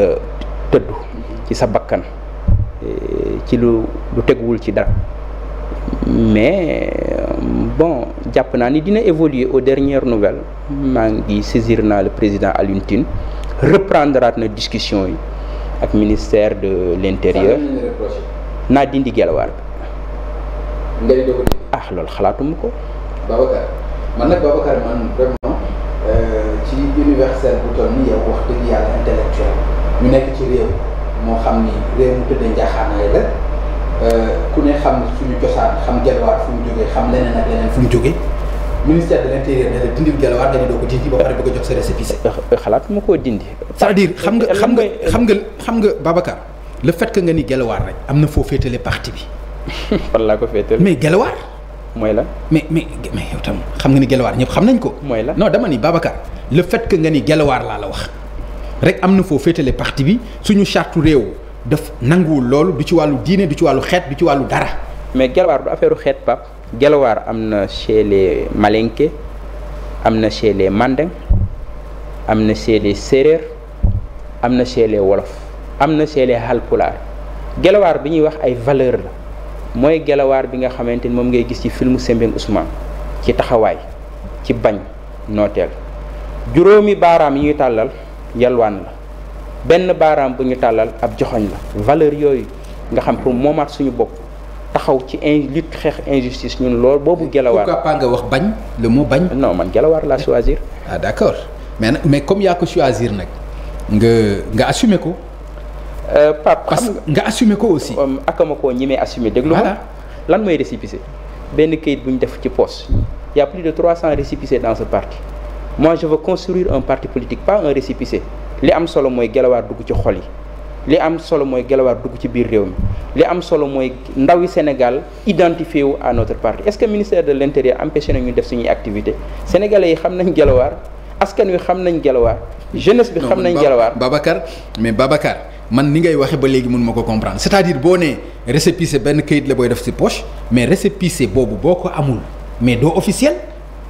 la ci sa bakkan eh, ci lu lu teguwul ci dara mais euh, bon jàpp naa ni dina évoluer au dernières nouvelle maa ngi saisir naa le président Alioune Tine reprendraat na discussion yi ak ministère de l'intérieur naa dindi Guelwaar bi ah loolu xalaatuma ko ñu nekk ci réew moo xam ni réew mu tëddee njaaxaanaay la euh, ku ne xam suñu cosaan xam gelwaar fu mu jógee xam leneen ak leneen fu mu jógee ministère de l'intérieur ne la dindil gelwaar dañu doo ko dindi ba pare bëgg a jox sa récépissé. xalaat mu koo dindi. cest à xam nga xam nga xam nga xam nga Babacar le fait que nga ni gelwaar rek am na foo féetale parti bi. fan laa ko féetale mais gelwaar. mooy la mais mais mais yow tam xam nga ni gelwaar ñëpp xam nañ ko. mooy la non dama ni Babacar le fait nga ni gelwaar laa la wax. rek am na foo féetale parti bi suñu charte réew daf nanguwul loolu du ci wàllu diine du ci wàllu xeet du ci wàllu dara. mais Gelwaar du affaire xeet Pape Gelwaar am na chez les am na chez les am na chez les Séeréer am na chez Wolof am na chez les Halpulaar bi ñuy wax ay valeur la mooy Gelwaar bi nga xamante ni moom ngay gis ci filmu Sembène Ousmane ci taxawaay ci bañ nooteel juróomi baaraam yi ñuy tàllal. yalwaan la benn baaraam bu ñu tàllal ab joxoñ la valeur yooyu nga xam pour moomaat suñu bopp taxaw ci in lutte xeex injustice ñun lool boobu gelawaar pourquoi pas nga wax bañ le mu bañ non man gelawaar laa choisir ah d'accord mais mais comme yaa ko choisir nag nga nga assumer ko euh, Pape parce que nga assumer ko aussi akama ñi may assumer déglu lan mooy récépissé benn kayit bu ñu def ci poste y a plus de trois cents récépissés dans ce parti moi je veux construire un parti politique pas un récépissé li am solo mooy gelawaar dugg ci xol yi li am solo mooy gelawaar dugg ci biir réew mi li am solo mooy ndawi Sénégal identifié wu à notre parti est-ce que ministère de l'intérieur empêché nañu def suñuy activité sénégalais yi xam nañ gelawaar askan wi xam nañ gelawaar jeunesse bi xam nañ gelawaar Babacar mais Babacar man ni ngay waxe ba léegi mun ma ko comprendre c'est-à-dire boo nee récépissé benn kayit la booy def ci poche mais récépissé boobu boo ko amul mais doo officiel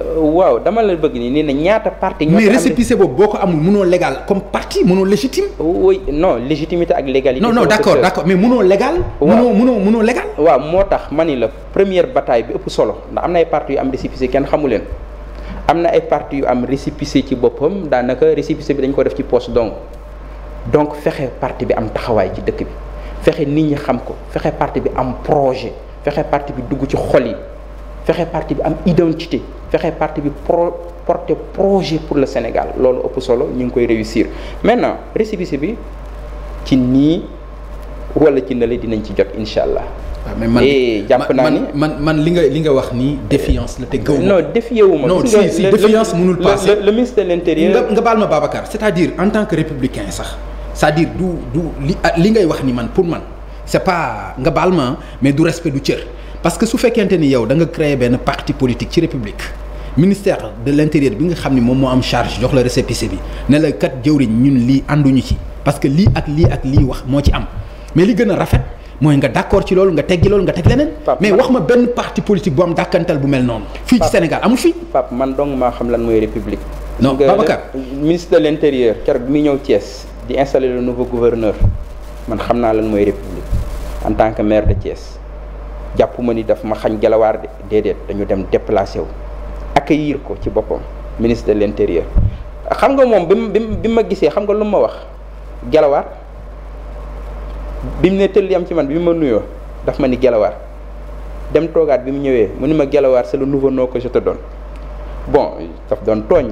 waaw dama la bëgg nii ne ñaata parti ñoo mais récépissé boobu boo ko amul mënoo légal comme parti mënoo légitime. no non légitimité ak légalité. non non d' accord d' mais munoo légal. waaw mënoo mënoo mënoo légal. waaw moo tax ma ni la première bataay bi ëpp solo ndax am na ay parti yu am récépissé kenn xamu leen am na ay parti yu am récépissé ci boppam daanaka récépissé bi dañ ko def ci poste donc donc fexe parti bi am taxawaay ci dëkk bi fexe nit ñi xam ko fexe parti bi am projet fexe parti bi dugg ci xol yi fexe parti bi am identité. fexe parti bi pro porter projet pour le Sénégal loolu ëpp solo ñu ngi koy réussir maintenant récépissé bi ci nii wala ci dinañ ci jot incha allah. Ah, mais man jàpp naa ni man man li nga li nga wax nii défiance la te gaw ma. non défié wu ma non si défiance mënul passer le ministre l'intérieur nga nga baal ma Babacar c'est-à-dire en tant que républicain sax c'est-à-dire du du li ah, li ngay wax ni man pour man c'est pas nga baal ma mais du respect du cër parce que su fekkente ni yow da nga créer benn parti politique ci république. ministère de l'intérieur bi nga xam ni moom moo am charge jox la récépissé bi ne la kat jëwriñ ñun lii ànduñu ci parce que lii ak lii ak lii wax moo ci am mais li gën a rafet mooy nga d'accord ci loolu nga teggi loolu nga teg leneen. mais wax ma benn parti politique bu am dàkkantal bu mel noonu. fii ci Sénégal amul fii. Pape man dong maa xam lan mooy république. non Babacar ministre de l'intérieur keroog bi muy ñëw Thiès di installer le nouveau gouverneur man xam naa lan mooy république en tant que maire de Thiès jàpp ma ni daf xañ gelawaar de déedéet dañu dem déplacé wu. yiir ko ci boppam ministre de l'intérieur xam nga moom bi mu bi ma gisee xam nga lu ma wax gelawaar bi mu ne tëll yam ci man bi ma nuyoo daf ma ni gelawaar dem toogaat bi mu ñëwee mu ni ma gelawaar c'est le nouveau nom que je te bon daf doon tooñ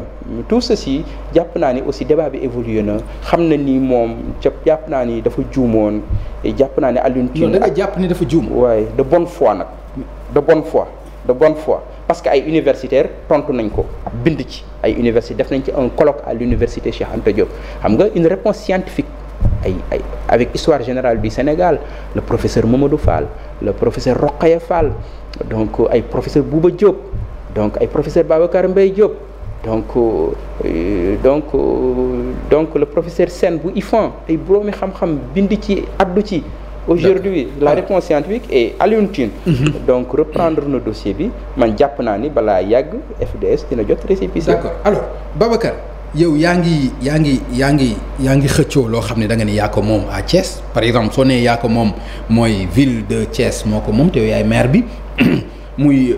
tout ceci jàpp naa ne aussi débat bi évolué na xam na ni moom ca jàpp naa ni dafa juumoon jàpp naa ne Alioune Tine da jàpp ni dafa juum waaye de bonne fois nag de bon fois de bonne foi parce que ay universitaires tontu nañ ko bind ci ay université def nañ ci un colloque à l'université Cheikh Anta Diop xam nga une réponse scientifique ay ay avec histoire générale bi Sénégal le professeur Mamadou Fall le professeur Rokhaya Fall donc euh, ay professeur Bouba Diop donc ay professeur Babacar mbay Diop donc euh, euh, donc euh, donc le professeur Sène bu IFAN ay boroomi xam-xam bind ci addu ci aujourd'hui la réponse scientifique est Alioune mhm. donc reprendre na dossier bi man jàpp naa ni balaa yàgg FDS dina jot récépissé d'accord alors Babacar yow yaa ngi yaa ngi yaa ngi yaa ngi xëccoo loo xam ne da nga ne yaa ko moom a Thiès par exemple soo nee yaa ko moom mooy ville de Thiès moo ko moom te yow yaay maire bi muy